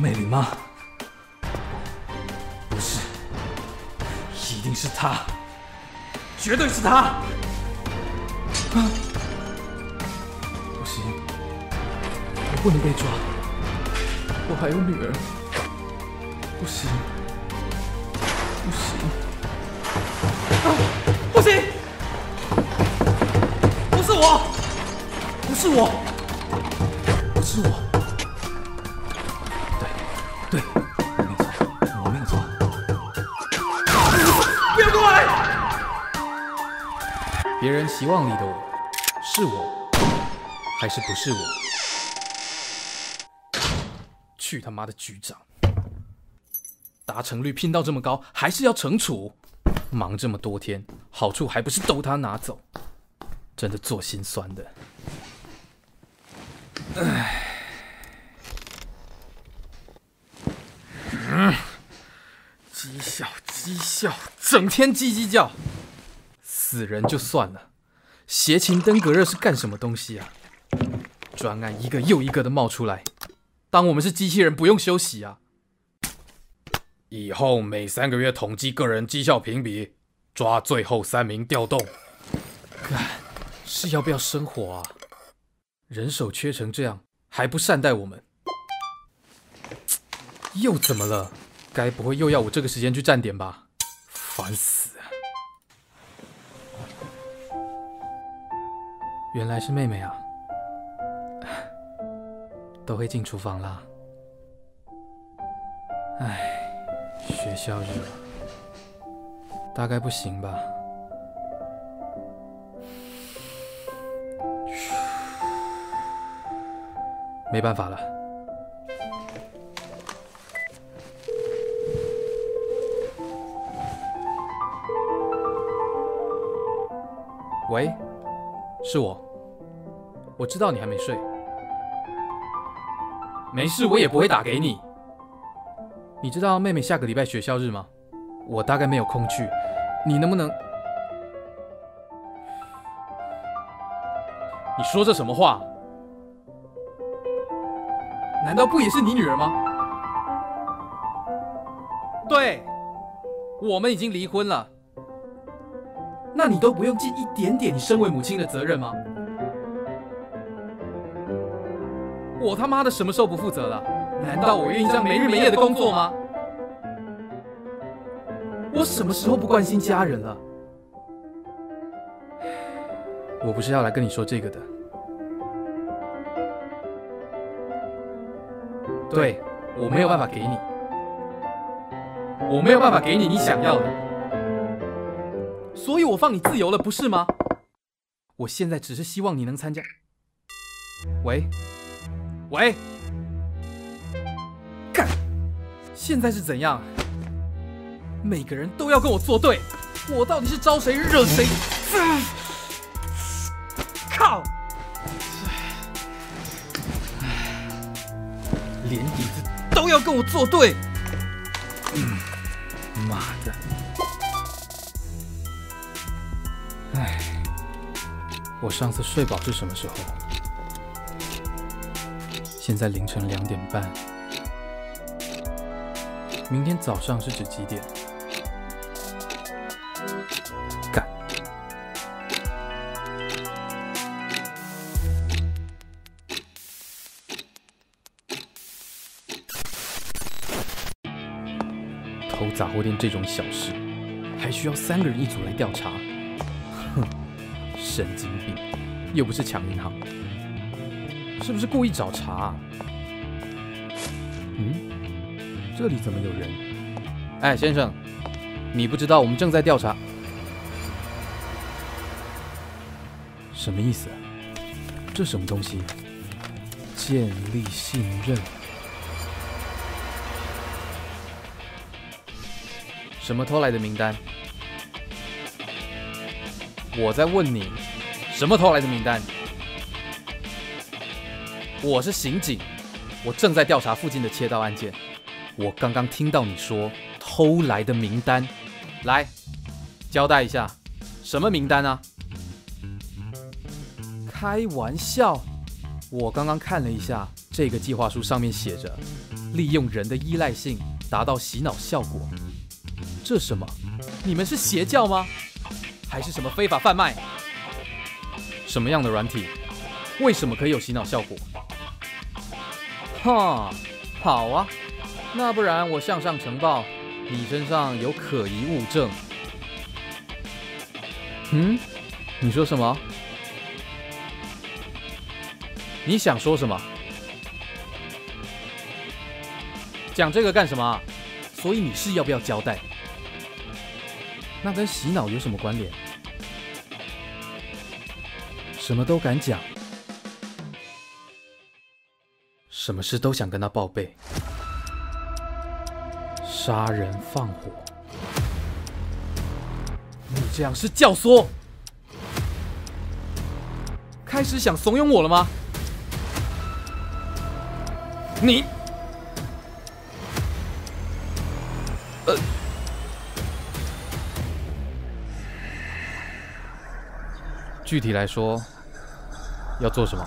美玲嗎？不是，一定是他，絕對是他。啊！不行，我不能被抓，我還有女兒。不行，不行，啊，不行，不是我，不是我，不是我。別人期望裡的我，是我，還是不是我？去他媽的局長！達成率拼到這麼高，還是要懲處？忙這麼多天，好處還不是都他拿走？真的做心酸的。唉。嗯、呃，績效績效，整天嘰嘰叫。死人就算了，邪情登革熱是幹什麼東西啊？專案一個又一個的冒出來，當我們是機器人不用休息啊？以後每三個月統計個人績效評比，抓最後三名調動。幹，是要不要生活啊？人手缺成這樣還不善待我們？又怎麼了？該不會又要我這個時間去站點吧？煩死！原來是妹妹啊，都會進廚房啦。唉，學校熱，大概不行吧。沒辦法了。喂。是我，我知道你還沒睡。沒事，我也不會打給你。你知道妹妹下個禮拜學校日嗎？我大概沒有空去。你能不能……你說這什麼話？難道不也是你女兒嗎？對，我們已經離婚了。那你都不用盡一點點你身為母親的責任嗎？我他媽的什麼時候不負責了？難道我願意這樣沒日沒夜的工作嗎？我什麼時候不關心家人了？我不是要來跟你說這個的。對，我沒有辦法給你。我沒有辦法給你你想要的。所以，我放你自由了，不是嗎？我現在只是希望你能參加。喂，喂，幹！現在是怎樣？每個人都要跟我作對，我到底是招誰惹誰？呃、靠！連椅子都要跟我作對！嗯，媽的！唉，我上次睡飽是什麼時候？現在凌晨兩點半。明天早上是指幾點？幹。偷雜貨店這種小事，還需要三個人一組來調查。神經病，又不是搶銀行，是不是故意找茬、啊？嗯，這裡怎麼有人？哎，先生，你不知道我們正在調查，什麼意思、啊、這什麼東西？建立信任？什麼偷來的名單？我在問你，什麼偷來的名單？我是刑警，我正在調查附近的竊盜案件。我剛剛聽到你說偷來的名單，來，交代一下，什麼名單啊？開玩笑，我剛剛看了一下這個計劃書，上面寫着利用人的依賴性達到洗腦效果。這什麼？你們是邪教嗎？還是什麼非法販賣？什麼樣的軟體？為什麼可以有洗腦效果？哈，好啊。那不然我向上呈報，你身上有可疑物證。嗯？你說什麼？你想說什麼？講這個幹什麼？所以你是要不要交代？那跟洗腦有什麼關聯？什麼都敢講，什麼事都想跟他報備，殺人放火，你這樣是教唆，開始想慫恿我了嗎？你。具體來說，要做什麼？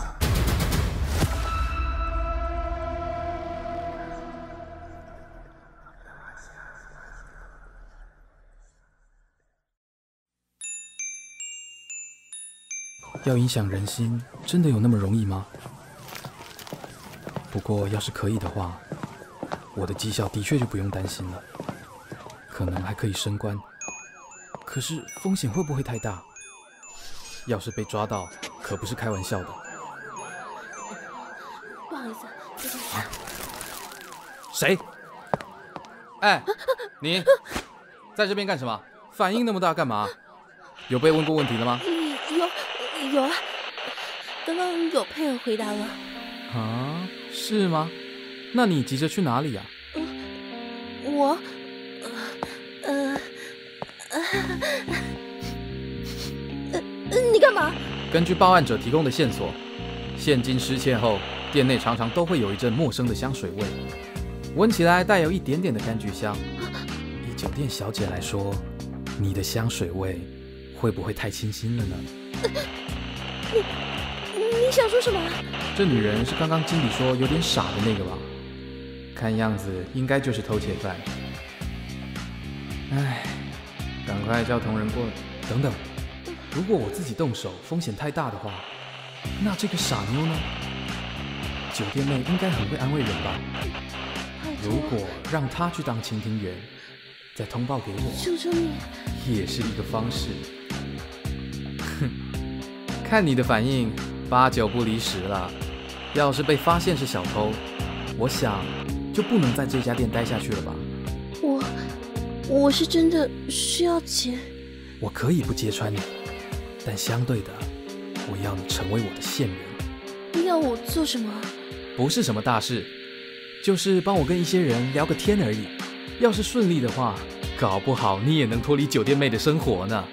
要影響人心，真的有那麼容易嗎？不過，要是可以的話，我的績效的確就不用擔心了，可能還可以升官。可是，風險會不會太大？要是被抓到，可不是開玩笑的。不好意思，這就是啊、誰？哎，啊、你、啊、在這邊幹什麼？反應那麼大幹嘛？啊、有被問過問題了嗎？呃、有有啊，剛剛有配合回答了。啊，是嗎？那你急着去哪裡呀、啊？嗯、呃，我，呃，呃。啊幹嘛？根據報案者提供的線索，現金失竊後，店內常常都會有一陣陌生的香水味，聞起來帶有一點點的柑橘香。以酒店小姐來說，你的香水味會不會太清新了呢？呃、你你想說什麼啊？這女人是剛剛經理說有點傻的那個吧？看樣子應該就是偷竊犯。哎，趕快叫同仁過來。等等。如果我自己動手風險太大的話，那這個傻妞呢？酒店妹應該很會安慰人吧？如果讓她去當傾聽員，再通報給我，求求你也是一個方式。哼， 看你的反應，八九不離十了。要是被發現是小偷，我想就不能在這家店待下去了吧？我我是真的需要錢，我可以不揭穿你。但相對的，我要你成為我的線人。你要我做什麼？不是什麼大事，就是幫我跟一些人聊個天而已。要是順利的話，搞不好你也能脫離酒店妹的生活呢。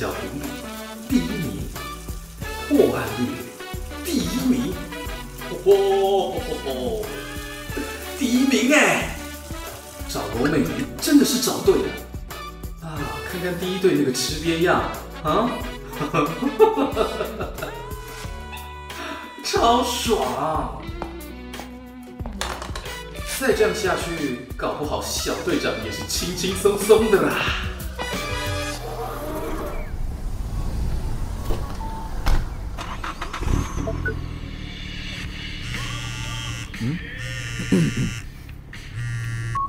小玲玲第，第，、oh, oh, oh, oh, oh. 第一名，破案率第一名，哦吼吼吼吼，第一名哎！找羅美玲真的是找對了啊！看看第一隊那個吃癟樣啊，哈哈哈哈哈哈！超爽、啊！再這樣下去，搞不好小隊長也是輕輕鬆鬆的啦。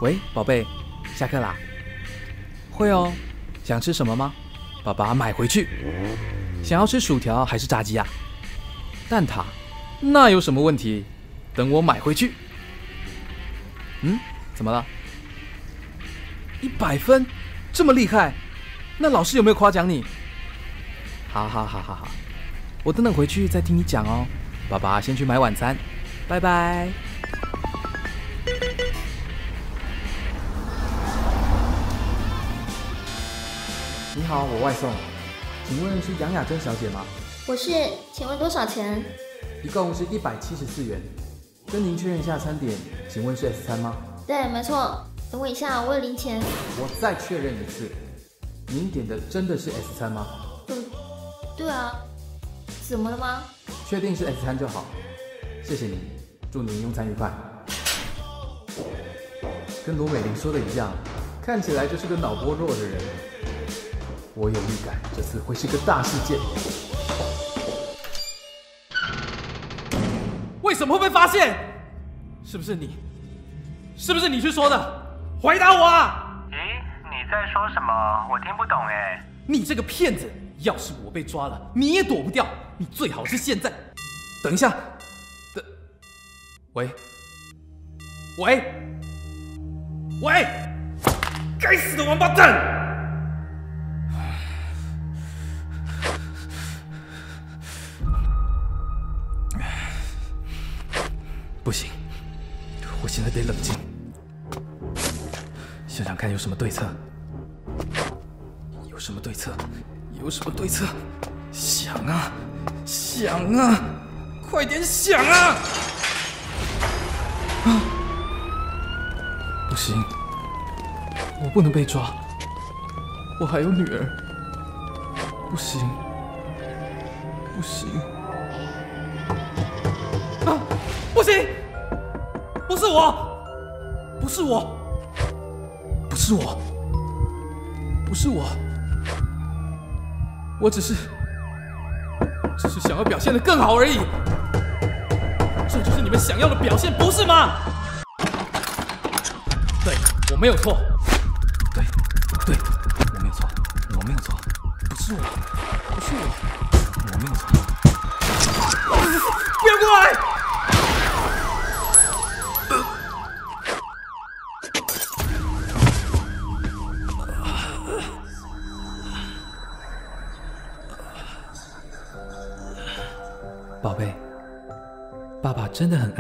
喂，寶貝，下課啦！會哦，想吃什麼嗎？爸爸買回去。想要吃薯條還是炸雞啊？蛋撻，那有什麼問題？等我買回去。嗯，怎麼了？一百分，這麼厲害？那老師有沒有誇獎你？好好好好好，我等等回去再聽你講哦。爸爸先去買晚餐，拜拜。好，我外送，請問是楊雅珍小姐嗎？我是，請問多少錢？一共是一百七十四元。跟您確認一下餐點，請問是 S 餐嗎？對，沒錯。等我一下，我有零錢。我再確認一次，您點的真的是 S 餐嗎？對、嗯，對啊。怎麼了嗎？確定是 S 餐就好。謝謝您，祝您用餐愉快。跟羅美玲說的一樣，看起來就是個腦波弱的人。我有預感，這次會是個大事件。為什麼會被發現？是不是你？是不是你去說的？回答我啊！咦，你在說什麼？我聽不懂哎。你這個騙子！要是我被抓了，你也躲不掉。你最好是現在……等一下，等……喂，喂，喂！該死的王八蛋！不行，我現在得冷靜，想想看有什麼對策。有什麼對策？有什麼對策？想啊，想啊，快點想啊！啊，不行，我不能被抓，我還有女兒。不行，不行。是我，不是我，不是我，不是我，我只是，只是想要表現得更好而已，這就是你們想要的表現，不是嗎？對，我沒有錯，對，對，我沒有錯，我沒有錯，不是我，不是我，我沒有錯。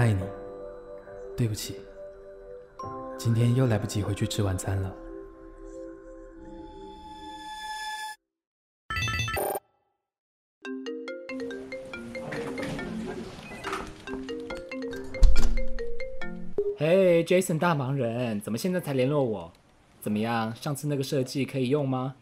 愛你，對不起，今天又來不及回去吃晚餐了。嘿，Jason，大忙人，怎麼現在才聯絡我？怎麼樣，上次那個設計可以用嗎？